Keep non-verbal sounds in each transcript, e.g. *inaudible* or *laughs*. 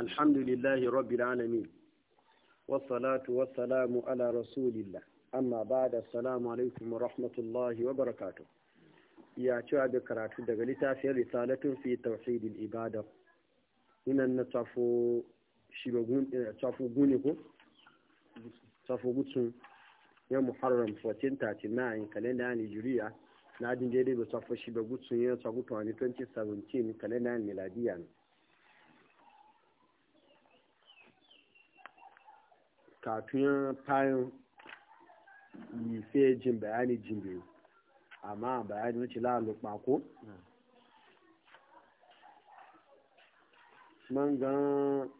الحمد لله رب العالمين والصلاة والسلام على رسول الله أما بعد السلام عليكم ورحمة الله وبركاته يا شعب كراتو دقلتا في رسالة في توحيد الإبادة هنا نتعفو شبغون تعفو بونيكو تعفو بوتسون يا محرم 1439 كالندا نيجيريا na adin daidai da tafashi da gutsun yin sagutu a 2017 kalendar miladiya ne kafin fayin sai jin bayani jin biyu amma bayani wuce lalu ko man gan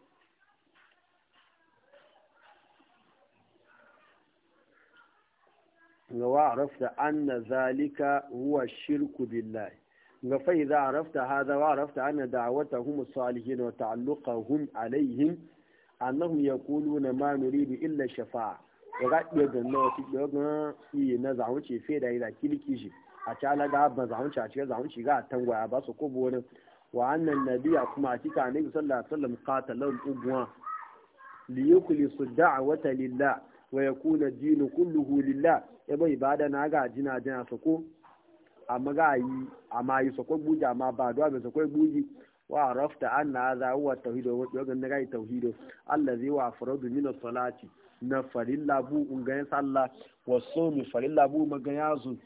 ga wa arafta anna zalika huwa shirku billahi ga fa idza arafta hadha wa arafta anna da'watahum salihin wa ta'alluqahum alaihim ya kulu na ma nuridu illa shafa'a ya ga da nawa wasu iya gan iya na zahunci fe da ila kiliki shi a ci alaga ban zahunci a cikin zahunci ga ya ba su kobo wani wa annan nabiya kuma a cika annabi sallallahu alaihi wasallam qatalan ugwa li yukhlisu da'wata lillah wa yakuna dinu kulluhu lillah ya bai da na ga jina jina sako amma ga yi amma yi sako buji amma ba duwa bai sako buji wa arafta anna hadha huwa tauhid wa yogan na gai tauhid allazi wa faradu min salati na farilla bu ungayen sallah wa sawmi farilla bu magayazu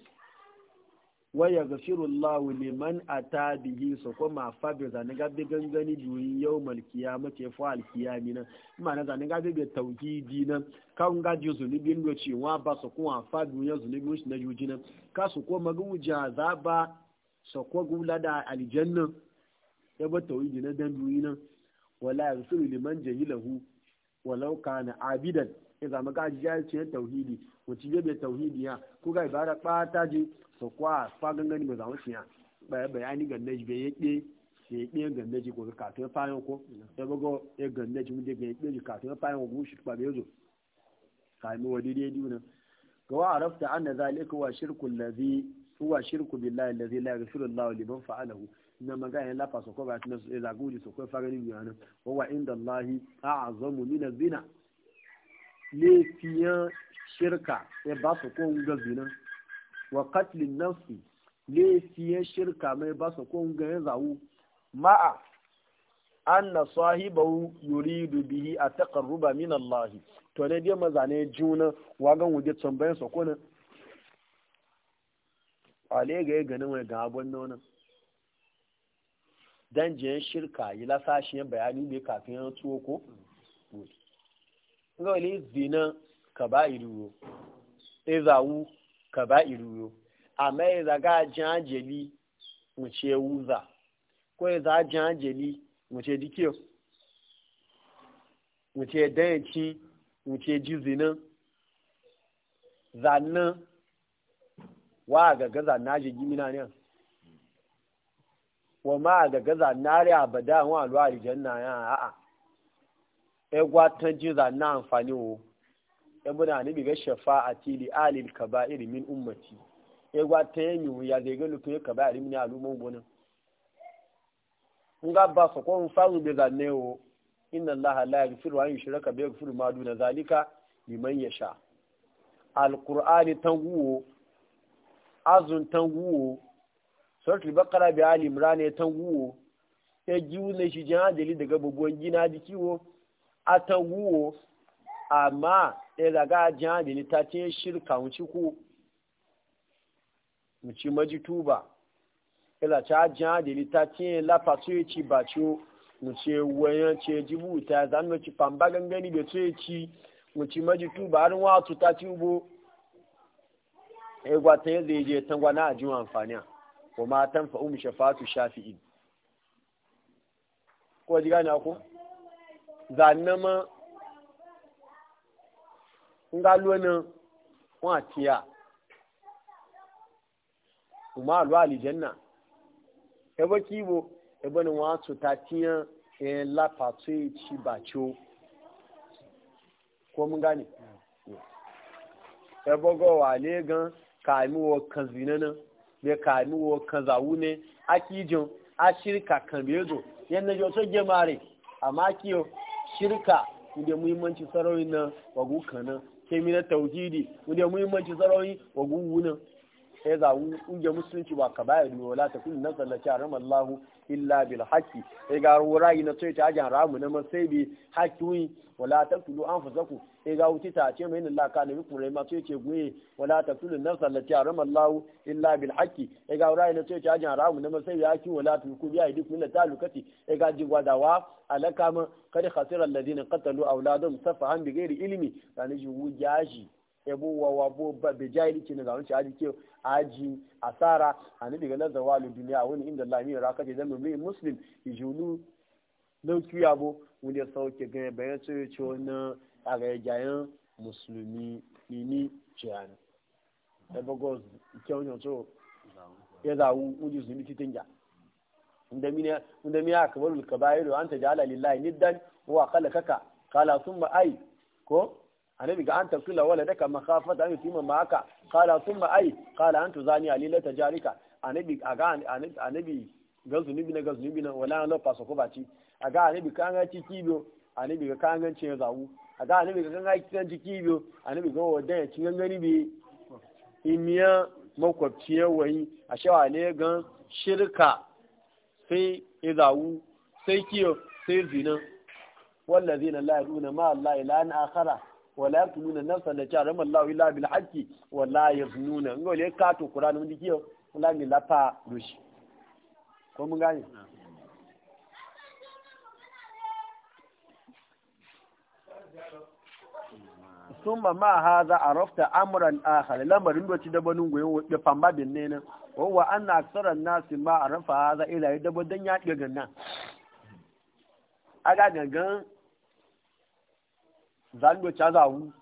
wa yaghfiru Allahu liman ata bihi so kuma fa bi zani ga bi gangani duyi yawmal qiyamati fa al qiyamina ma na zan ga bi tauhidi na ka un ga ji zuni bin do ci wa ba so kuma fa bi yan zuni bin shi na jujina ka so kuma ga wuja za ba so ko gula da aljanna ya ba tauhidi na dan duniya nan wala yusulu liman jahilahu walau kana abidan ya zama ga jahilcin tauhidi wuci ya bai tauhidi e ya ko ga ibara bata ji so kwa fa gangani mai zama shi ya bayani ga naji bai yake da ya ke ganda ji gobe ka ya fayan ko ya bago ya ganda ji wunde ga ya ɗaya ji kafin ya fayan ko shi ba bai zo kamin wa dai biyu nan ga wa arafta anna zalika wa shirku ladhi huwa shirku billahi alladhi la yaghfiru Allahu liman fa'alahu na magana lafa su kwaba na lagudi su kwai fagani biyu nan wa inda Allahi azamu mina zina tiya shirka ya ba su ko ga zina wa katlin nafsi tiya shirka mai ba su ko ga ya zawu ma'a anna sahibahu yuridu bihi a taqarruba min Allahi to ne dai mazane juna wagan wuje tambayan su ko ne ale ga ganin wai ga abun dan jiyan shirka yi lasashiyan bayani ne kafin yan tuwo ko wani zina ka ba iruyo ezawu ka ba iruyo amma ya e zaga jan jeli mu ce wuza ko ya e zaga jan jeli mu ce dikiyo mu ce danci mu ji jizinin zannan wa gaga zanna je gimina ne wa ma ga gaza nare abada wa lo aljanna ya a e tan ji za na amfani o e na ni bi ga ti li alil kaba'ir min ummati e gwatan yi ya ga lu to kaba'ir min alumon bonin nga ba so ko faru bi ne o inna allaha la yaghfiru an yushraka bi yaghfiru ma duna zalika liman yasha alqur'ani tanguwo azun tanguwo sarki bakara bi ali imran ya tanguwo ya giwu ne shi jan ajali daga bubuwan gina di kiwo a tanguwo amma ya daga jan ajali ta ce shirka wuce ko wuce maji tuba ila ta jan ajali ta ce lafa ya ci ba ciwo wuce wayan ce jibu ta zanuwa ci famba gangani da so ya ci wuce maji tuba har wato ta ci ubo ya gwata ya je tangwa na ajiyar amfani wa ma tanfa'um shafatu shafi'in ko ji gane ko zanama ngalo na wa tiya kuma alwa aljanna ebo kibo ebo ni wa su tatiya en la patri e ci bacho ko mun gane ebo e go wale gan ka kaimu wa kazinana bai kami wo kan zawu ne a kijin a shirka kan bezo yadda gemare a makiyo shirka inda muhimmanci sarauyi na wagu kanan kemi na tauhidi inda muhimmanci sarauyi wagu wunan sai za unge musulunci ba ka bayar da wala ta kullu nafsan la haram Allahu illa bil haqqi sai ga rayi na sai ta ajan ramu na sai bi haqqi wala ta kullu anfusaku sai ga wuti ta ce mai Allah ka nabi kuma ma sai ce guye wala ta kullu nafsan la haram Allahu illa bil haqqi sai ga rayi na sai ta ajan ramu na sai bi haqqi wala ta kullu bi aidi kullu lokaci sai ga jigwadawa alaka ma kad khasira alladhina qatalu awladum safahan bi ghairi ilmi kana ji wujaji ebu wa wa bo ba be jayli kin da wanci aji ke aji asara ani daga lazar walu duniya wani inda Allah mi raka ce zan mu muslim ijulu dauki yabo wanda sauke ga bayan ce ce wannan a ga jayan musulmi ni jiyana da ke wani so ya zawu wani zumi titin ja inda ya kabarul kabairu an ta jala lillahi niddan wa kala kaka kala sun ai ko annabi ga an tasula wala daka da an yutima maka qala thumma ay qala antu zani alila tajarika annabi aga annabi ga zunubi na ga zunubi na wala na faso ko baci aga annabi kan ga ci kibiyo annabi ga kan ga cin zawu aga annabi ga kan ga kan ci kibiyo annabi ga wadan ci gangani bi imiya makwabciyar wani a shawa ne gan shirka sai izawu sai kiyo sai zina wallazina la yaduna ma Allah ila an akhara wala yaqtuluna nafsa la jarama Allahu illa bil haqqi wala yaznuna ngole ka to Qur'an mun dikiyo wala mi lafa doshi ko mun gane summa ma haza arafta amran akhar lamarin doci da banin goyen da famba bin ne nan wa anna aksaran nasi ma arafa haza ila da badan ya diga nan aga gangan zango cha zawu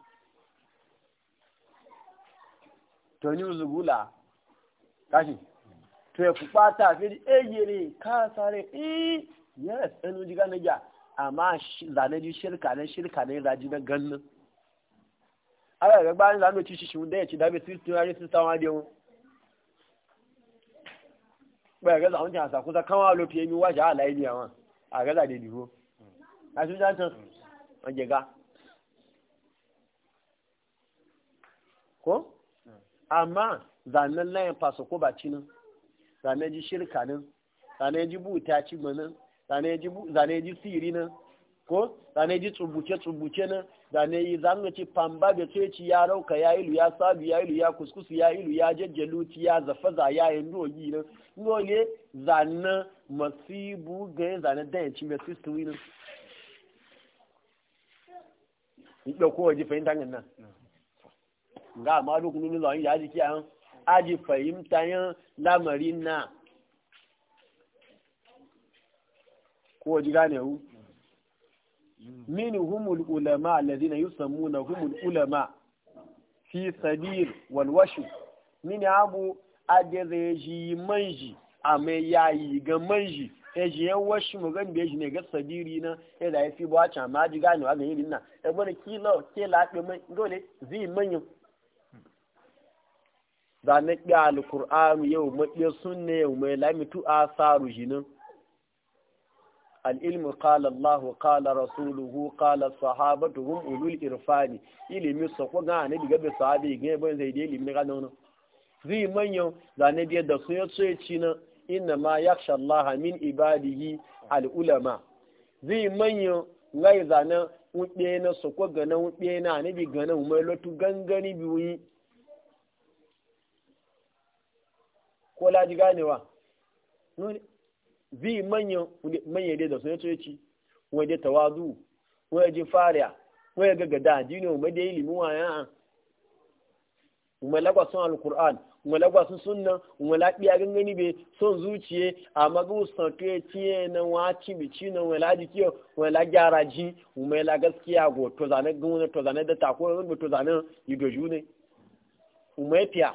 to ni uzugula kashi to ya fupata fili ejere eh, ka sare eh, yes enu diga na ja amma zane ji shirka ne shirka ne raji na gannin ala ga ba zane ci shi shun da ya ci da bi sun yare sun tawa da yau ga zaun ta kusa kama lofi e, mi wa ala yi e, yawa a ga da diho a su jan tan ko amma zanen layin fasa ko ba nan zanen ji shirka nan zanen ji buta ci nan zanen ji siri nan ko zanen ji tsubuce-tsubuce nan zanen yi zanen ci pamba da ce ci ya rauka ya ilu ya sabi ya ilu ya kuskusu ya ilu ya jajjalu ci ya za ya yi ndogi nan nole zanen masibu ga zanen dayan ci mai sistiri nan. Ɗauko waje fahimta nan. ga ma duk ni lo ya ji an aji fahimta yan lamarin na ko ji gane hu min humul ulama alladhina na humul ulama fi sadir wal wash min abu adereji manji ame yayi ga manji eji yan washi mu gan beji ne ga sadiri na e da yafi ba can ma ji gane wa ga yin na e bane kilo ke la pe mai dole zi manyan za na ƙi alƙur'anu yau maƙi sunne yau mai lamitu a saru jinin al'ilmu ƙala Allah ƙala rasuluhu ƙala ta hun ulul irfani ilimin sako ga ne diga bai sahabi ga yabon zai da ilimin ga nan zai manyo za na biyar da sun soya ci na ina ma ya Allah min ibadihi al'ulama zai manyo ngai na wuɗe na sako ga na wuɗe na ne bi ga umar lotu gangani biyu ko laji ganewa bi manyan manyan da sunan yace ci wanda tawazu wai ji fariya wai ga gada jini mai da ilimi waya mai lagwa sun alquran mai lagwa sun sunna mai labiya gangani be son zuciye amma ga usan ke tiye na waci ci na wai laji kiyo wai la gyara ji mai la gaskiya go to zane gun to zane da tako to zane yidoju ne mai fiya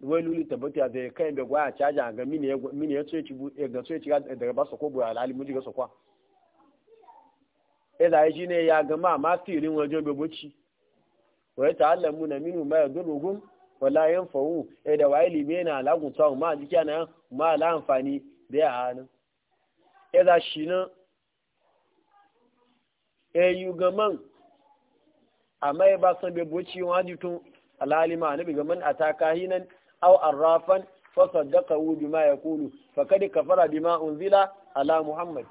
wani lulu tabbata ya zai kai bai gwaya caja ga mini ya tsoye cibu ga tsoye ciga daga ba su kobo alhali muji ga su kwa ila e zai ji ne ya gama ma firin wajen bai buci wai ta Allah muna minu ma ya duru gun wala yan fahu eh da wa ilimi na alagun tsawo ma jiki na ma ala amfani da ya hanu ila e shi na eh yi gaman amma e ba san bai buci tun alalima nabi gaman ataka hinan Au arrafan fa saddaqahu bima yaqulu faqad kafara bima unzila ala muhammad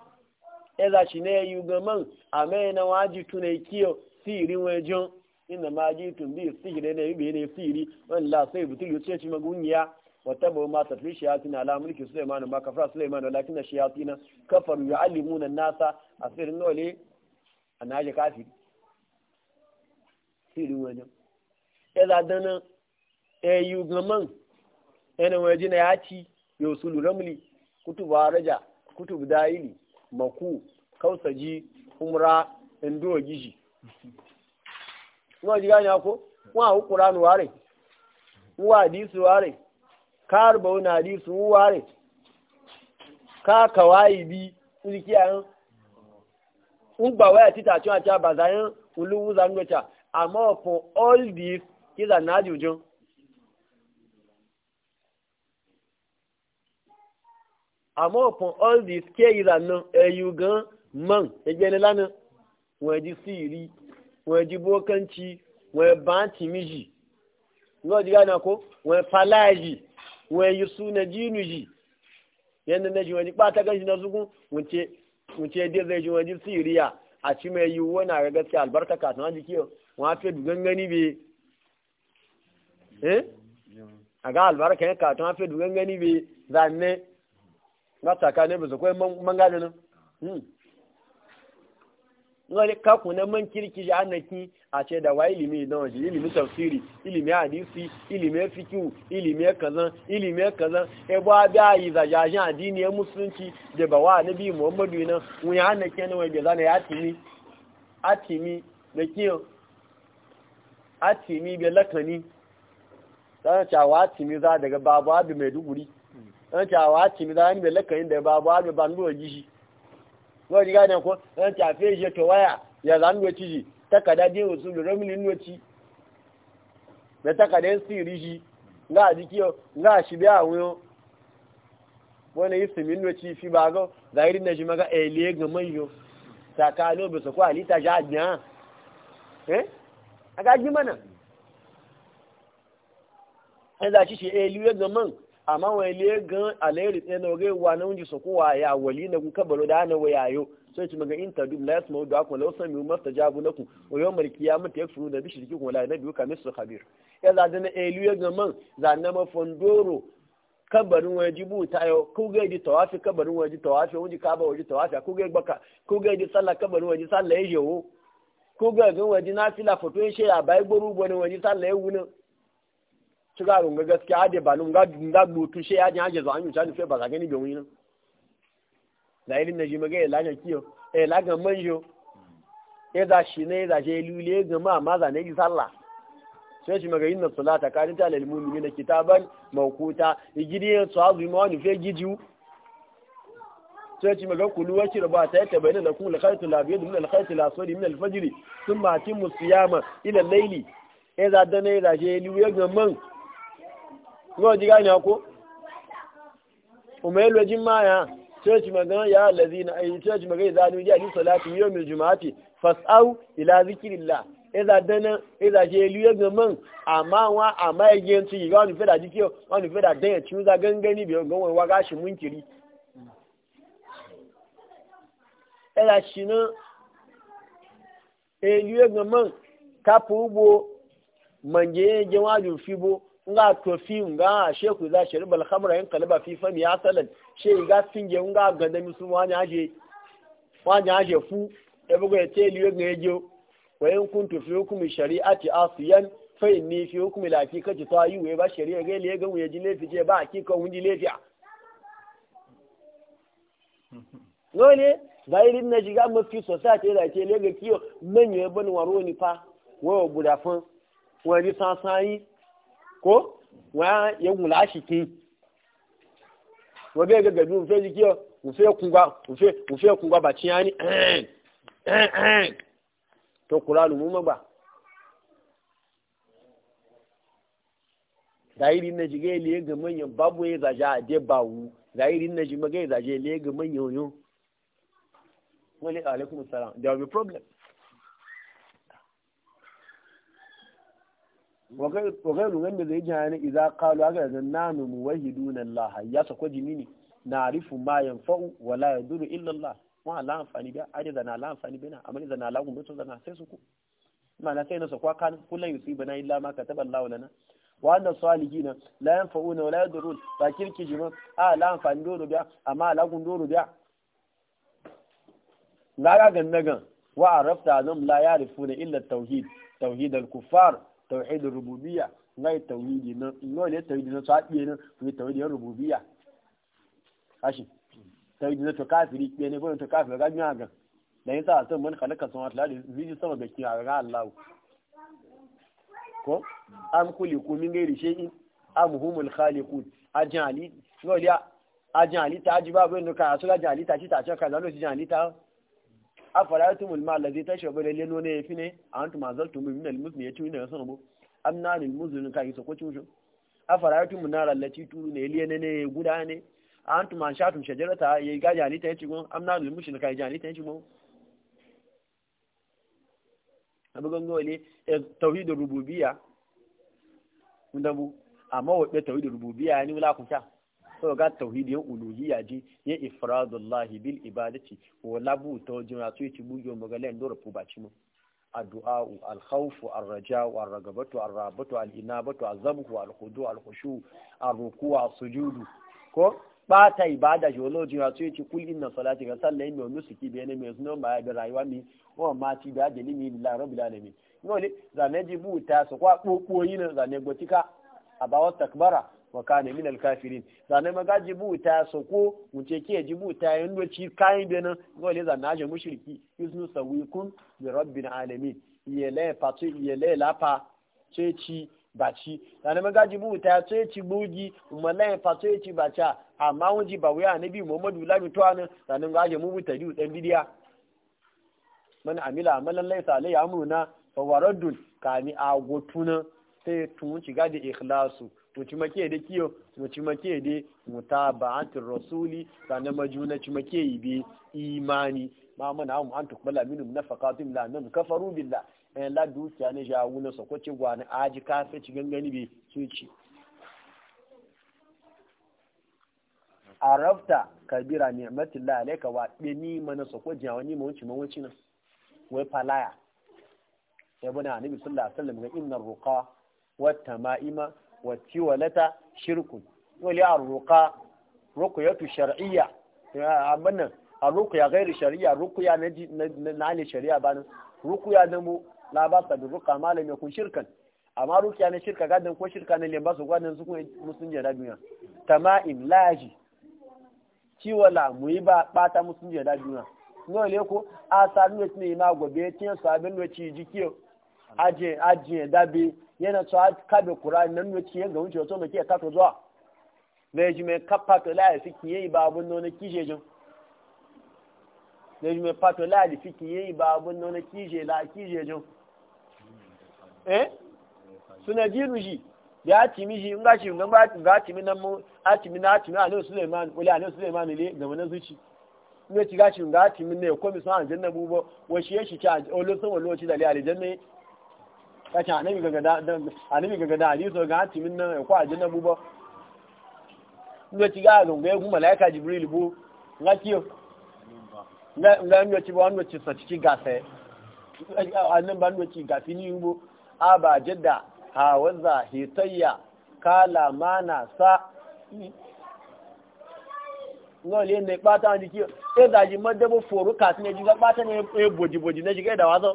eza shi ne yugaman amena waji tunai kiyo sirin wajen inda ma ji tun bi sihiri ne bi ne sihiri wani la sai butul yuce shi magungiya wata ba ma tafi shayatin ala mulki sulaiman ma kafara sulaiman walakin shayatin kafaru yu'allimuna nasa asirin wale anaje kafiri sirin wajen eza dana eyu gaman yana waje na yaci yosulu ramli kutubu haraja kutubu daili maku kausaji umra indo gishi wọ́n jí gáyìn akó wọ́n àwọn kùránù wà rẹ̀ wọ́n àdísù wà rẹ̀ káàrùbọ̀ wọn àdísù wà rẹ̀ káàkàwà ìbí nìkí àyán ń gbàwẹ́ àtítà tí wọ́n àti àbàzáyán all these kí na òjò àmọ́ upon all this kí èyí rà náà ẹ̀yù gan mọ́n ẹgbẹ́ ni lánàá wọ́n ẹ̀dí sí ìrí wọ́n ẹ̀dí bókànchi wọ́n ẹ̀bá tìmí jì wọ́n ẹ̀dí gánà kó wọ́n ẹ̀fàlá jì wọ́n ẹ̀yù súnà jínú jì yẹn nana jì wọ́n ẹ̀dí pátá kan jìnnà sunkún wọ́n ti ẹ̀dí ẹ̀dí wọ́n ẹ̀dí sí ìrí à àti mọ ẹ̀yù wọ́n náà wọ́n fi gani wọ́n nga tsakanin bisa kawai man gane nan wani hmm. kaku na man kirki ji annaki a ce da wa ilimi na waje ilimi tafsiri ilimi hadisi ilimi fikihu ilimi kazan ilimi kazan e ba da yi zajajin addini ya musulunci da ba wa nabi muhammadu nan wani annaki ne wani zana ya timi atimi da kiyo atimi bi lakani sanar cewa atimi za daga babu abu mai duguri ẹ̀ntì àwọn àtìmídá ní mẹ́lẹ́kàn ìdẹ̀ bá bọ́ àgbẹ̀ bá ń lò yìí wọ́n ti gáàdẹ̀ kọ́ ẹ̀ntì àfẹ́ ìṣẹ́ tó wáyà yàrá ń lòtí yìí takàdá dín òsùn lò rọ́mìnì lòtí mẹ́ takàdá ń sì rí yìí ńlá àdíkí ọ ńlá àṣìbẹ́ àwọn ọ wọ́n lè sì mí lòtí fi bá gọ́ zahiri náà ṣe máa ká ẹ̀lẹ́ gànmọ́ yìí o sàkà lóòbẹ̀ amma wani le gan alayri tsaye na wagai wa na wunji su kowa ya wali na ku kabaro da ana so sai ci maga inta dum la yasma da ku law sami masta jabu ku wa yawmal qiyamati furu da bishi dikin na biyu ka su khabir ya za na elu ya ga man za na mafondoro kabarin wajibu ta yau ku ga di tawafi kabarin waji tawafi wunji kaba ba waji tawafi ku ga baka ku ga di sallah kabarin waji sallah ya yewo ku ga gan waji na fila ya shi ya bai gboru gbonin waji sallah ya wunin ga runga gaskiya ade ba lunga dunga lutu she ya jaje zo anyu chani fe ba ga gani be wina da irin naji maga ya laga kiyo e laga manjo e da shi ne da je lule ga ma ma za ne ji sallah sai shi maga inna salata ka rinta lil mu'minina kitaban mawquta igidi so azu ma wani fe giju sai shi maga kulu waki ba ta ta bayyana da khaytu la labiyad min la lasori min alfajiri sun matin siyama ila laili e za dana ya zaje liwe ga man kuma ji gane ko umai lojin maya church magana ya allazi na ayi church magana za ni ji salati yawmil jumu'ati fas'au ila zikrillah eza dana eza je luye gaman amma wa amma yage ntu yi wani feda jike wani feda dan ya ciuza gangani biyo gawan wa gashi munkiri eza shina e luye gaman kapu bo manje je waju fibo nga to fi nga sheku za shi ribal khamra in kalba fi fami ya salan she ga singe nga ga da musu wani aje wani aje fu e bugo ya teli yo ga yejo wa in kuntu fi hukum shari'ati asiyan fa inni fi hukum la fi kaji ta yi we ba shari'a ga le ga wuye jile fi je ba ki hakika wundi lefiya dole *laughs* zairin na mu fi society da ke le ga kiyo manye ban waro ni fa wa budafan wani sasayi ko wa ya wula shiki wa bai ga gabi mufe jiki yo mufe kunga mufe mufe kunga ba ciya ni eh, eh, eh. to kuranu mu magba zahiri na ji gai liye ga manyan babu ya zaje a de ba wu zahiri na ji magai zaje liye ga manyan yo wani alaikum salam there will be problem wa gairu wanda zai jihar ne iza kalu haka da nanu mu wahidu na laha ya sako jini ne na arifu ma fa'u wala ya duru illallah wa ala amfani biya aje zana ala amfani biya amma ni zana ala gumbe to zana sai su ku ma'ana sai na sakwa kan kullum yusi bana illa ma kataba Allah lana wa anna salihina la yanfa'una wa la yadurun ba kirki jima a ala amfani doro biya amma ala gun doro biya gara gannagan wa arafta azam la yarifuna illa tauhid tauhid al-kuffar tauhidin rububiyya ngai tawhidi na ngai ne tawhidi na tsabiye na to tawhidi na rububiyya kashi tawhidi na to kafiri ke ne ko to kafiri ga nya ga yin sa'a san man khalaqa samawati wal ardi ziji sama da kiyar ga Allah ko am khuliqu min ghairi shay'in am humul khaliqun ajali ngai ya ajali ta ajiba bin ka asula ajali ta ci ta ci ka zalo ci ajali ta afaraitum alma allazi tashrabu da leno ne yafi ne antum azaltum min almuzni yace ne san mu amna lil muzni ka isa ko cin afaraitum munara allati turu ne lene ne guda ne antum an shatum shajarata ya gaja ni ta yace gon amna lil muzni ka jani ta yace mu abu gongo ne tauhidur rububiyya ndabu amma wa tauhidur rububiyya ni wala kuta so ga tauhidi yan uluhiyya ji ya ifradullahi bil ibadati wa labu ta ratu yi bugo magala ndo rufu baci mu addu'a al-khawf ar-raja' ar-ragabatu ar-rabatu al-inabatu al zabhu al-khudu' al-khushu' ar-ruku' ko bata ibada joloji ratu yi kul inna salati ga sallai mai nusuki bene mai zuno ma ya rayuwa mi wa ma ti da ni lillahi rabbil alamin ne. zane buta su kwa kokkoyi na zane gotika abawa takbara wa kana min alkafirin zanen maga jibuta so ko wuce ke jibuta yin doci kayan benin gole zanen ajin mushriki isnu sawikun bi rabbil alamin yele patu yele lapa ceci baci zanen maga jibuta ceci gbogi umalai patu ceci bacha amma wuji ba wuya nabi muhammadu lami tuwanin zanen ga ajin mubuta diu dan bidiya man amila amalan laisa alayhi amruna fa waraddun kani agotuna sai tun shiga da ikhlasu to cimake da kiyo to cimake da mutaba'atir rasuli sanan majuna cimake yi bi imani ma mana hum an tukbala minum nafaqatin la nan kafaru billah en eh, la dukiya ne jawu na sokoci gwani aji kafe ci gangani bi suci arafta kabira ni'matillah alayka wa dini mana sokoji awani mu wuce mun wuci na wai falaya ya bana annabi sallallahu alaihi wasallam ga innar ruqa wa tama'ima wacce walata shirku wali a roƙa rukuyatu shar'iyya abin nan a rukuya gairi shari'a rukuya na ne shari'a ba rukuya na mu la ba sa da ruka malami kun shirkan amma rukiya na shirka gadin ko shirka na lemba su gwadon su kuma musun jada tama in laji ciwala mu yi ba bata musun jada duniya n'o le ko a sa nuna ne ma gobe tin su abin da ci jikiyo ajiye dabi. yana tsawa kabe kura nan ne ciye ga wuce wato mai kato zuwa mai ji mai kafa to la fi kiye ba abun nuna kije jin mai ji mai fato laye fi kiye ba abun nuna kije la kije jin eh suna jiru shi ya timi shi in ga shi ga ga mi nan mu a mi na timi a ne Suleiman wala a ne Suleiman ne ga mana zuci ne ci ga shi ga mi ne ko mi an aljanna bubo wa shi shi ci a san wani wacce da ali aljanna kashi annabi ga gada annabi ga gada hadiso ga hatimin nan ko ajina buba ndo ci ga gongo ya kuma laika jibril bu ngatiyo na na ndo ci ba ci sa ci gase annan ba ndo ci gafi ni bu aba jadda ha waza hitayya kala mana sa wọ́n lè ní pátá ní kí ne mọ́dẹ́bò fòrò kàtí ne ẹjú pátá ní ne ní ẹjú kẹ́ẹ̀dà wázọ́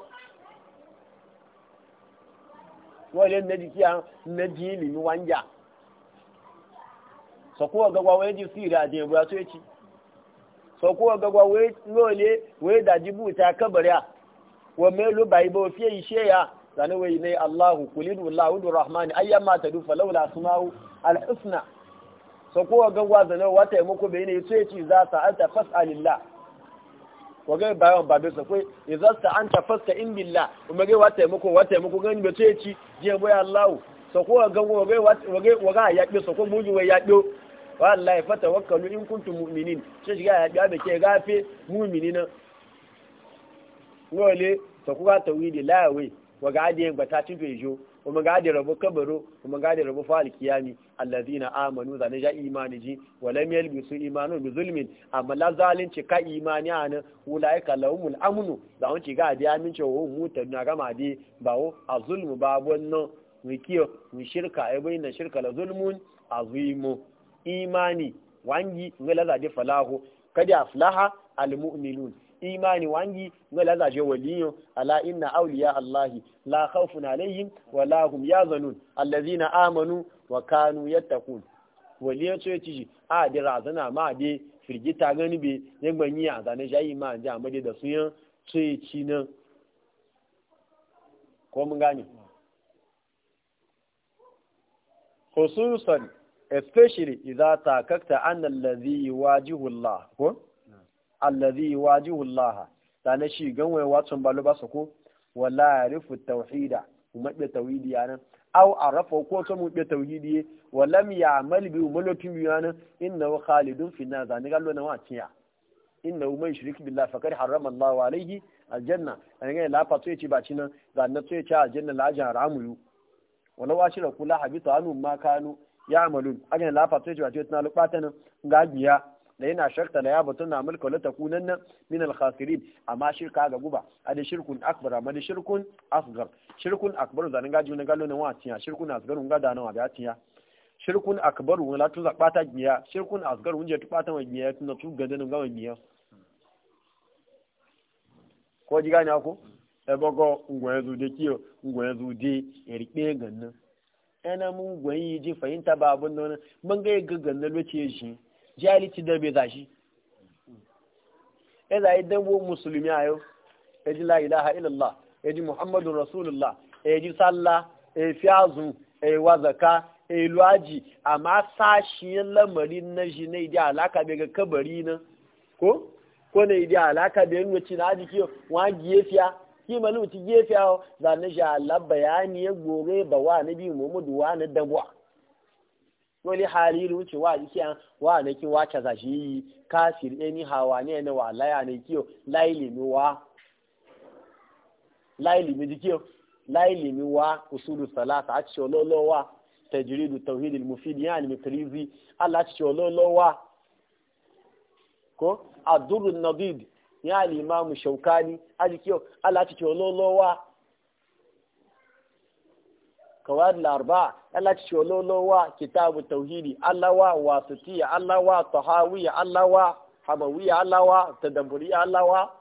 wale na jikiya na ji limi wanja so ko ga gwa waje sira da ya so yaci so ko ga gwa waje lole da jibu ta kabariya wa melu baibo fiye ishe ya sani wai ne Allahu kulidu Allahu du Rahmani ayyamma tadu falawla sumahu al-husna so ko muku wagai bayan ba bisa kai izasta an tafasta in billah kuma gai wata muku wata muku gani ba sai ci je boye Allah so ko ga wagai wagai waga ya bi so ko muji wai ya do wallahi fa tawakkalu in kuntum mu'minin sai shiga ya ga abe ke gafe mu'minin wole so ko ga tawidi la wai waga adiyan bata tin fejo kuma ga da rabu kabaro kuma ga da rabu fa'al kiyami allazina amanu zane ja imani ji walam yalbisu imanu bi zulmin amma la zalunci ka imani an ulaika lahumul amnu da on ci ga da wo muta na gama de bawo a zulmu ba wannan mu kiyo mu shirka ai na shirka la zulmun azimu imani wangi ngala da falahu falahu kada aflaha almu'minun imani wangi ga la zaje waliyo ala inna awliya allahi la khawfun alaihim wa la hum yazanun allazina amanu wa kanu yattaqun waliyo ce ci a da razana ma de firgita gani be ne gbanyi a zane jayi ma ji amade da suyan ce ci nan ko mun gane khususan especially idza takakta anna allazi yuwajihu allah ko allazi wajihu Allah na shi ganwaye watsun balu ba su ko wala yarifu tauhida kuma da tauhidi yana aw arafa ko to mu da tauhidi wala mi amal bi umulati yana wa khalidun fi nar zani gallo na inna wa man shirki billahi faqad harrama Allah alayhi aljanna an ga la fatu yace ba ga na to yace aljanna la jan ramu wala washira kula habita anu ma kanu ya'malun an ga la fatu yace ba cinan lubata nan ga biya da yana sharta da ya batun na mulka la takunan nan min al khasirin amma shirka ga guba ada shirkun akbar amma da shirkun asgar shirkun akbar ga gaji na gallo na wa tiya shirkun asgar un gada na wa ga tiya shirkun akbar wala tu bata giya shirkun asgar un je tu pata wa giya tun tu gada na gawa giya ko ji gani ako e bogo ngwe zu de kiyo ngwe zu de erike ganna ana e mun gwayi ji fahimta babun nan mun ga na lokaci shi jahilci da bai zashi ya zai dambo musulmi a yau ya ji la'ilaha illallah ya ji muhammadun rasulullah ya ji sallah ya fi azu ya wazaka ya luwaji amma sashiyan lamarin na shi na idi alaka bai ga kabari na ko ko na idi alaka bai nuna cin aji kiyo wa gefiya ki malu ti gefiya za na sha Allah ni ya gore ba wa nabi muhammadu wa na dabuwa wani hali wuce wa jiki an wa na ki wa kaza shi kafir eni hawa ne na wa laya ne kiyo laili mi wa laili mi jikiyo laili mi wa usulu salata a cikin ololowa tajiridu tauhidil mufid yani mi tirizi Allah cikin ololowa ko adurun nadid yani imamu shaukani a jikiyo Allah cikin ololowa kawad larba Allah ci ololowa, kitabu tauhidi Allawa, wa wasitiya Allawa, wa tahawiya Allawa, wa hamawiya Allawa, wa tadabburiya Allawa.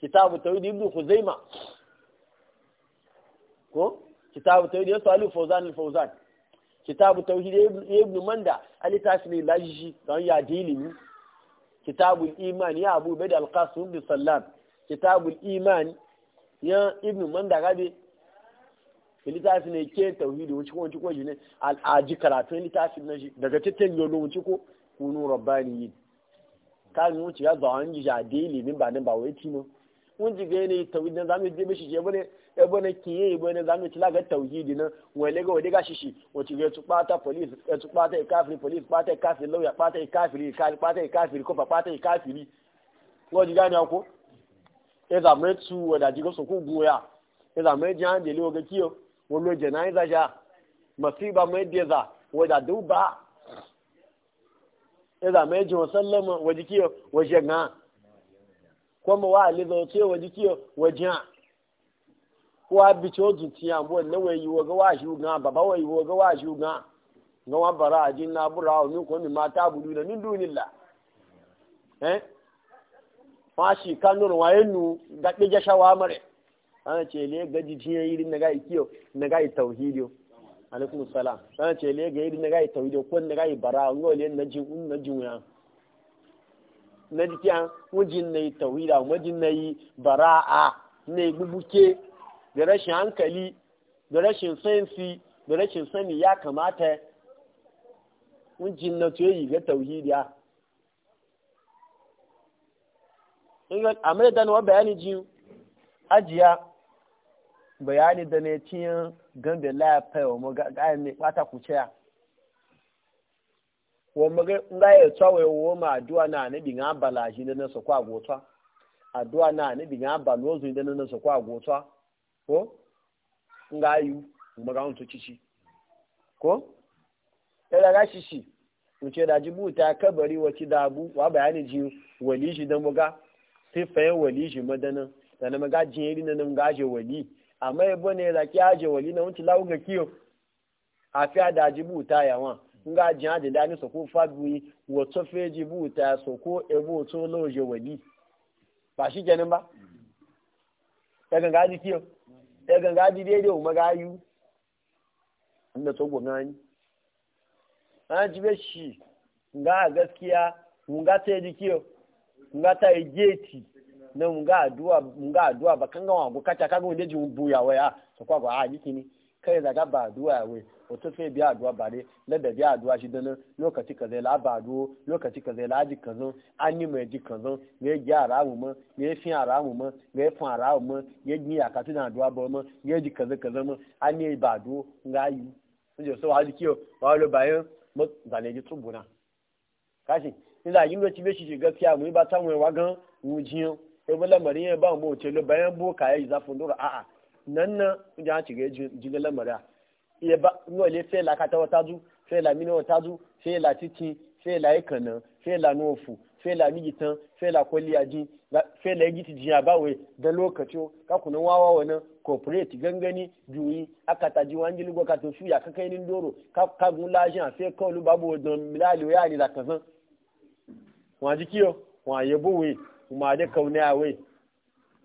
kitabu tauhidi ibn Khuzaima ko kitabu tauhidi Salih Fawzan al-Fawzan kitabu tauhidi ya ibn Manda Ali tasmi lajishi dan ya dilimi kitabu iman ya Abu Bayd al-Qasim bin Sallam kitabu iman ya ibn Manda gabe littafi ne ke tauhidi wuce ko wuce ko shi ne al'aji karatun littafi na shi daga cikin yolo wuce ko kunu rabbani yi kan wuce ya zawon yi a daily min ba nan ba wai tino mun ji gane tauhidi na zamu je mishi je bane e bane kiye e bane zamu ci laga tauhidi na wale ga wade ga shi shi wuce ga tu bata police e tu bata e kafiri police bata e kafiri lawyer bata e kafiri kafiri bata e kafiri kofa bata e kafiri ko ji gane ko e zamu tu wada ji go so ku goya e zamu ji an de le kiyo wolo janaiza ja masiba mai deza wada duba eza mai jin sallama waje kiyo waje na kuma wa alizo ce waje kiyo waje ko abi chozu tiya bo ne we yi woga wa shu na baba we yi woga wa shu na ga wa bara ajin na bura ni ko mi mata budu na min dunilla eh fashi kanur wa yenu ga dije shawa mare ana ce le ga jijiya irin na gai kiyo na gai tauhidiyo alaikum salam ana ce le ga irin na gai tauhidiyo ko na gai bara ngo le na jin na jinwa na dikiya wajin nayi tauhida wajin nayi bara'a ne bubuke da rashin hankali da rashin sensi da rashin sani ya kamata wajin na toyi ga tauhidiya amma da dan wa bayani jiyu ajiya bayani da ne ciyan gambe lafiya wa magayen ne bata ku caya wa magayen tsawai wa aduwa na anabi bala balaji da nasa kwa gotwa aduwa na anabi nga balozu da nasa kwa gotwa ko nga yu magayen to cici ko e ga shishi wuce da jibuta kabari wace abu wa bayani ji wali shi don muga sai fayin wali shi madanin amma yabo ne da aje wali na wunci lawu ga kiyo a fiya da jibuta yawan nga jiya da dani so ko fagwi wato fe jibuta so ko ebo to loje wali ba shi kenan ba ya ganga ji kiyo ya ganga ji daidai umma gayu inda to gongani an ji be shi nga gaskiya nga ta ji kiyo nga ta geti na nga aduwa nga addu'a ba kan gawa bukata kaga wanda ji buya waya ah, so kwa ah, ga aji kini kai daga ba addu'a we wato sai biya addu'a ba dai lada biya addu'a shi dan lokaci kaza la ba addu'o lokaci kaza la ji kazo an yi mai ji kazo ne ya ramu mu ne fi ramu mu ne fa ramu mu ne ji ya ka tuna addu'a ba mu ne ji kaza kaza mu an yi ba addu'o nga yi sun so kiyo wa lo bayan mu zane ji tsubuna kashi ni be shi gaskiya mu ba ta mu wa gan mu jiyan ebe lamarin ya ba mu wuce lo bayan boka ya yi zafin dora a'a nan na ya ci ga jigin lamarin iya ba ngo le fe la kata wata ju fe la mini wata ju fe la titi fe la ikana fe la nofu fe la migitan fe la kwali aji fe la yigiti jiya bawe da lokaci ka kuna wawa wannan corporate gangani juyi aka taji wanji lugo ka to suya ka kai nin doro ka ka gun lajin fe ka lu babu don milali ya ni da kazan wa jikiyo wa yebowe kuma da kaune a wai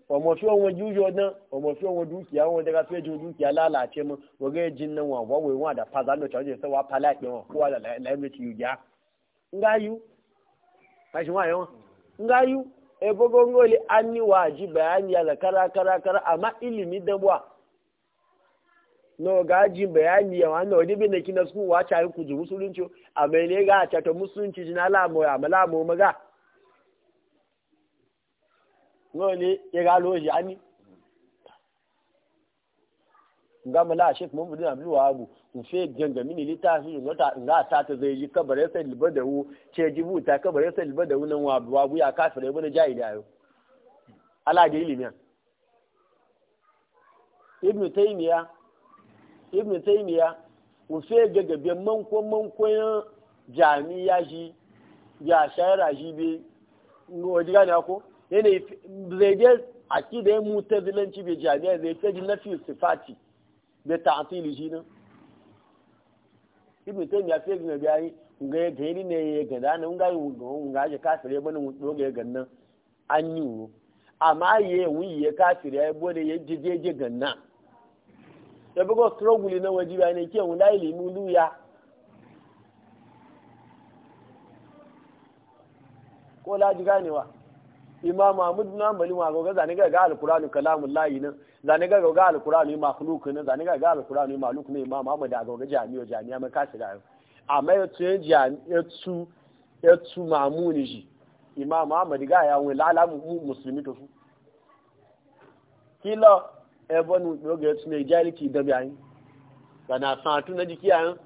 ọmọ fi wọn jújọ náà ọmọ fi wọn wọn daga fi dukiya lalace mọ wọgẹ jin náà wọn wọwọ ìwọn àdá pàdánù ọjọ ìṣẹ wa pálá ìpè wọn kó wà láìmẹtì yìí já ngáyú àṣì wọn àyẹwọn ngáyú ebogongo le aniwa bayani ya kara kara kara amma ilimi dabwa no gaji bayani ya wannan wani bin da kina su wa ta ku a ga ta musulunci jina nole ya galo shi ani nga mala shek mun budin abdul wahabu ku fe ganga mini litafi nota nga ta ta zai ji kabare sai libadawu ce jibu ta kabare sai libadawu nan wa wabu ya kafire bane jahili ayo ala da ilimi ibn taymiya ibn taymiya ku fe ganga biyan manko manko jami'a shi ya ji, ya shayara shi bi ngo diga ne ko yana zai a kida ya mutar zilanci bai jami'a zai ta ji nafi sifati da ta'atili shi nan a tayyib ya fi gina biyayi ga ya gani ne ya gada nan ga yi ga ya kafire bane doga ya ganna an yi wo amma ya wuyi ya kafire ya bane ya jijeje ya bugo struggle na waji ba ke wun dai limu luya ko ganewa imam mahmud na mali ma ga zane ga ga alqur'anu kalamullahi nan zane ga ga alqur'anu makhluq nan zane ga ga alqur'anu makhluq ne imam mahmud ga ga jami'o jami'a mai kashi da amma ya ce jami'a tu ya mamuni ji imam mahmud ga ya wani lalamu musulmi to su kila ebonu ga tu ne jaliki da bayan kana san tu na jiki ayan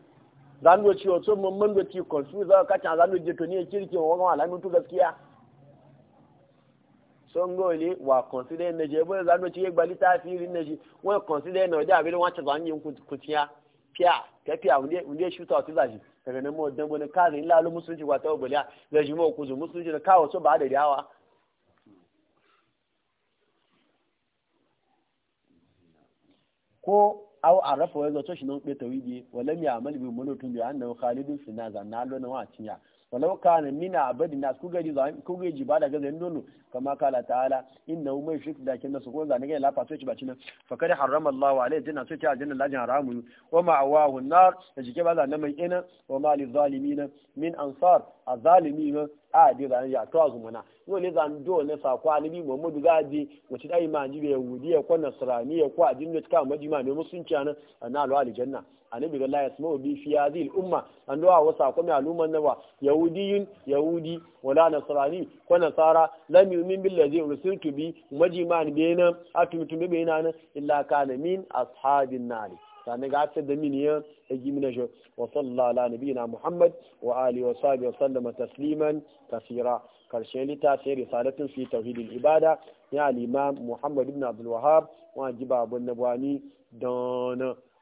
zan ci o so mun mun go ci confuse ka ta zan je to ne kirkin wa ga alamu to gaskiya songo ile wa consider na bo za no ci gba lita fi ri na won consider na da bi won ta zan yin ku tiya pia ke pia unde unde shoot out daga mo dan bo ka rin la lu wa ta oboliya da ji mo ku zu musulunci na kawo so ba da dawa ko aw arafa wa zo to shi non pe tawidi wala mi amal bi monotun bi khalidun na lo na wa tiya walau kana mina abadi nas ku gaji ku gaji ba da ga zan dono kama kala ta'ala inna umay shirk da kin nasu ko zan ga lafa so ci ba cinan fa kada harrama wa alaihi jinna so ci aljanna lajin haramun wa ma'awahu an-nar da jike ba zan mai ina wa ma li zalimin min ansar azalimi ma a de zan ya to mana no ne zan do ne sa kwa nabi Muhammadu gaji wace dai ma ji be wudi ya ko nasrani ya ko adin ne ka majima ne ci anan na janna annabi ga la yasma'u bi fi hadhihi al-umma an dawa wasa kuma aluman nawa yahudiyun yahudi wala nasrani ko nasara lam yu'min billazi ursiltu bi majiman bayna atumtum bayna nan illa kana min ashabin nar sani ga ta da min ya ji mina shi wa sallallahu ala nabiyina muhammad wa alihi wa sahbihi wa sallama tasliman kasira karshe littafin risalatun fi tauhidil ibada ya al-imam muhammad ibn abdul wahhab wa jibabun da dana